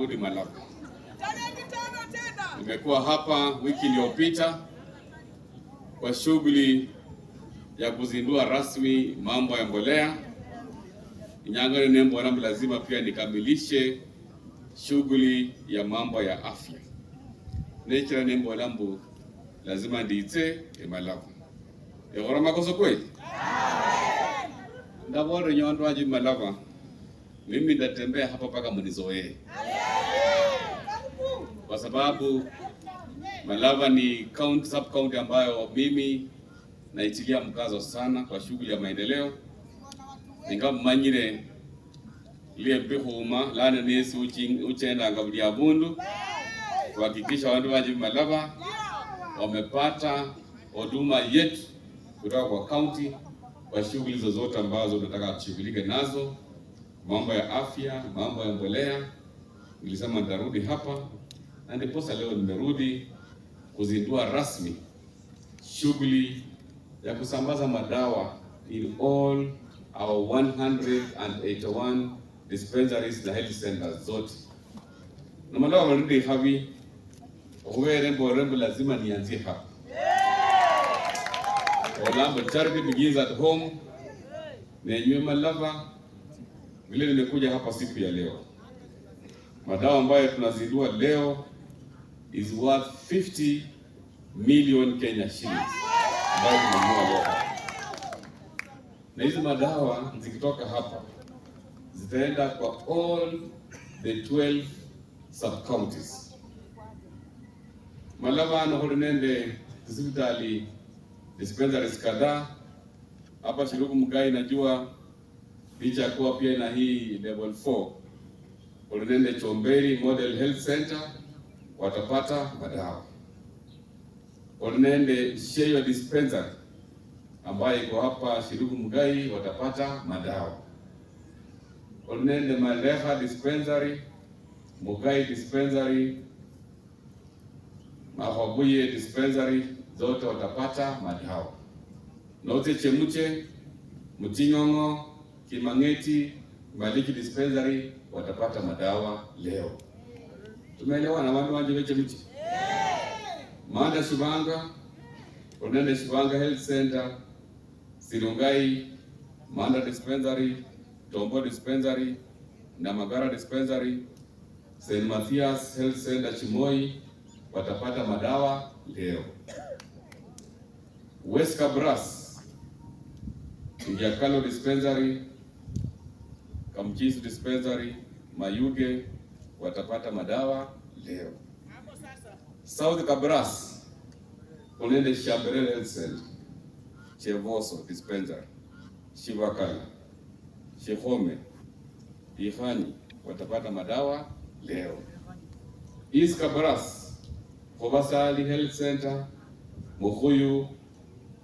Rudi Malako. Nimekuwa hapa wiki iliyopita kwa shughuli ya kuzindua rasmi mambo ya mbolea inyang'ane nembo nambo, lazima pia nikamilishe shughuli ya mambo ya afya Nature nembo nambo, lazima ndiitse emalavu eh, ekhora makoso kweli ndavoore nyondwaje malava mimi nitatembea hapa mpaka mnizoee, kwa sababu Malava ni county, sub county ambayo mimi naitilia mkazo sana kwa shughuli ya maendeleo ningamanyire liye bihuma lana nesi uchendanga buli abundu kuhakikisha wandu waje Malava wamepata huduma yetu kutoka kwa county kwa shughuli zozote ambazo tunataka tushughulike nazo mambo ya afya, mambo ya mbolea. Nilisema nitarudi hapa na ndiposa leo nimerudi kuzindua rasmi shughuli ya kusambaza madawa in all our 181 dispensaries na health centers zote, na madawa marudi havi ohuwerembo rembo, rembo, lazima nianzie hapa olambo charity begins at home yeah. nenywe lava vile nimekuja hapa siku ya leo. Madawa ambayo tunazindua leo is worth 50 million Kenya shillings ambayo tunanunua leo, na hizi madawa zikitoka hapa zitaenda kwa all the 12 sub counties. Malavan nende hospitali dispensaries kadhaa hapa Shirugu Mugai, najua licha ya kuwa pia na hii level 4 Olenende Chomberi Model Health Center watapata madawa. Olenende Sheyo Dispensary ambayo iko hapa Shirugu Mugai watapata madawa. Olenende Maleha Dispensary, Mugai Dispensary, Mahabuye Dispensary zote watapata madawa. Note Chemuche, Mutinyongo Kimang'eti, Maliki Dispensary watapata madawa leo. na wandu wanje weche mchi. Maanda Subanga, unaenda Subanga Health Center, Sirungai, Maanda Dispensary, Tombo Dispensary na Magara Dispensary, St. Mathias Health Center Chimoi watapata madawa leo. West Kabras, Njakalo Dispensary Kamchizi Dispensary Mayuge watapata madawa leo. South Kabras Kolele Shamberele Health Center, Chevoso Dispensary, Shivakala, Shehome, Ifani watapata madawa leo. East Kabras Hovasali Health Center, Mukuyu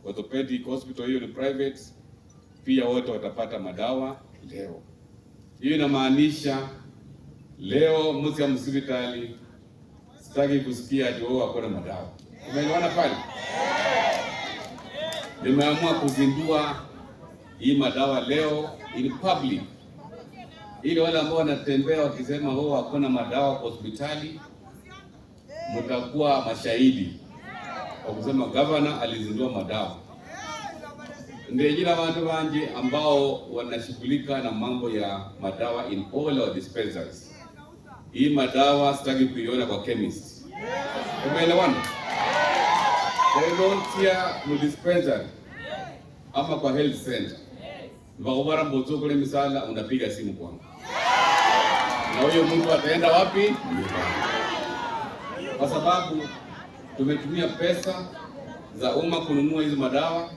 Orthopedic Hospital, hiyo ni private, pia wote watapata madawa leo. Hiyo inamaanisha leo Musa msibitali, sitaki kusikia ati wao hakuna madawa. Umeelewana pale? Nimeamua kuzindua hii madawa leo in public, ili wale ambao wanatembea wakisema wao hakuna madawa kwa hospitali, mtakuwa mashahidi wa kusema gavana alizindua madawa ndejira watu wanji ambao wanashughulika na mambo ya madawa in all our dispensers. Hii madawa sitaki kuiona kwa chemist. Umeelewana? Volunteer mu dispenser ama kwa health center. Wakubara mbozo kule misala unapiga simu kwangu. Na huyo mtu ataenda wapi? Kwa sababu tumetumia pesa za umma kununua hizo madawa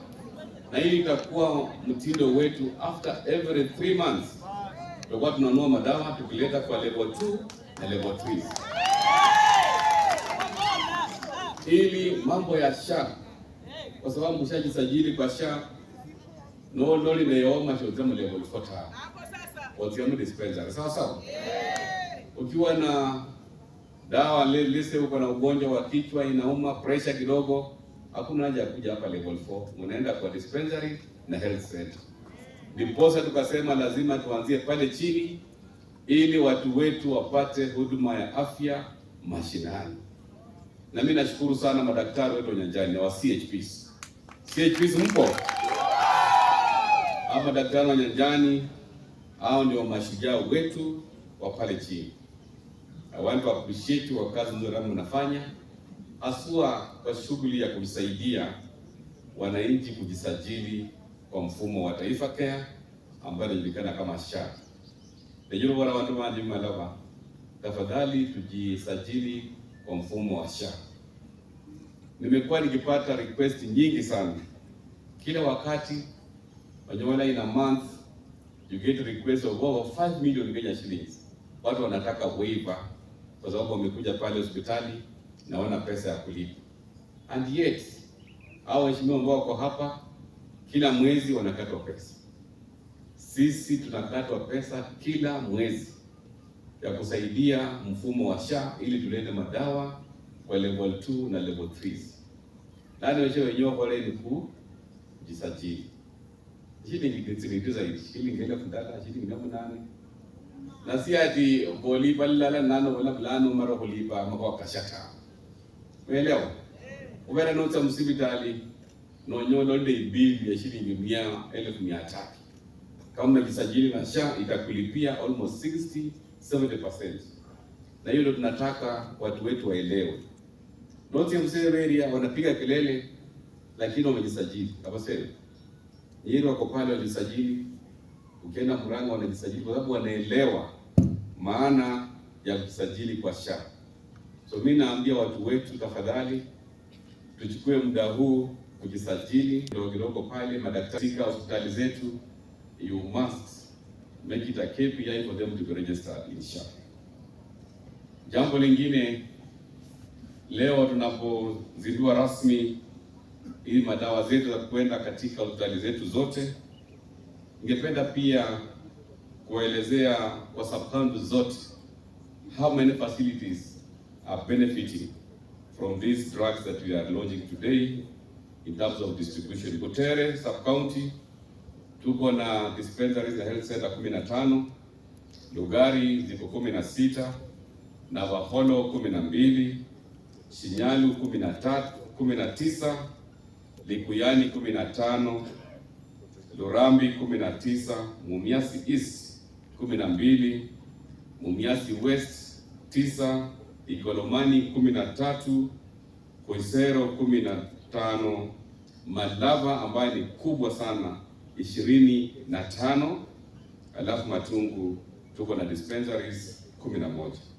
na hii itakuwa mtindo wetu. After every three months tutakuwa tunanua madawa tukileta kwa level 2 na level 3 ili mambo ya SHA, kwa sababu ushajisajili kwa SHA nololineyooma shozemu level 4 waziamu dispensary sawa sawa. Ukiwa na dawa lese, uko na ugonjwa wa kichwa inauma, pressure kidogo hakuna haja ya kuja hapa level 4, unaenda kwa dispensary na health center. Ndiposa tukasema lazima tuanzie pale chini ili watu wetu wapate huduma ya afya mashinani. Na mimi nashukuru sana madaktari wetu nyanjani wa CHPs. CHPs mpo? Hawa madaktari wa nyanjani hao ndio mashujaa wetu wa pale chini. I want to appreciate wa kazi nzuri mnafanya haswa kwa shughuli ya kumsaidia wananchi kujisajili kwa mfumo wa Taifa Care ambayo inajulikana kama SHA. Najua wana watu maji malava, tafadhali tujisajili kwa mfumo wa SHA. Nimekuwa nikipata request nyingi sana kila wakati, wajawala ina month you get request of over 5 million Kenya shillings. Watu wanataka waiver kwa sababu wamekuja pale hospitali naona pesa ya kulipa. And yet hao waheshimiwa ambao wako hapa kila mwezi wanakatwa pesa, sisi tunakatwa pesa kila mwezi ya kusaidia mfumo wa SHA ili tulete madawa kwa level 2 na level 3. Nani wewe wenyewe kwa leo ni kujisajili. Shilingi zimetu zaidi, shilingi elfu tatu, shilingi mia nane. Na si ati boli balala nano wala blano mara kulipa mako kashaka. Umeelewa? Ubera notsa msibitali nonyololile bill ya shilingi mia elfu mia kama umejisajili na SHA itakulipia almost 60 70%. Na hiyo ndio tunataka watu wetu waelewe. Notsa mseveria wanapiga kelele lakini wamejisajili. Hapo sasa yeye wako pale wajisajili, ukienda Murang'a wanajisajili kwa sababu wanaelewa maana ya kusajili kwa SHA. So mimi naambia watu wetu, tafadhali tuchukue muda huu kujisajili kidogo kidogo pale madaktari hospitali zetu, you must make it a KPI for them to be registered inshallah. Jambo lingine leo tunapozindua rasmi ili madawa zetu za kwenda katika hospitali zetu zote, ningependa pia kuwaelezea kwa sub-county zote how many facilities benefiting from these drugs that we are launching today in terms of distribution. Butere sub-county tuko na dispensaries za health center tano Lugari ziko sita na 16, Navakholo mbili Shinyalu tatu 13, tisa Likuyani 15, Lurambi tisa Mumiasi East mbili Mumiasi West tisa Ikolomani kumi na tatu, Koisero kumi na tano, Malava ambayo ni kubwa sana ishirini na tano, alafu Matungu tuko na dispensaries kumi na moja.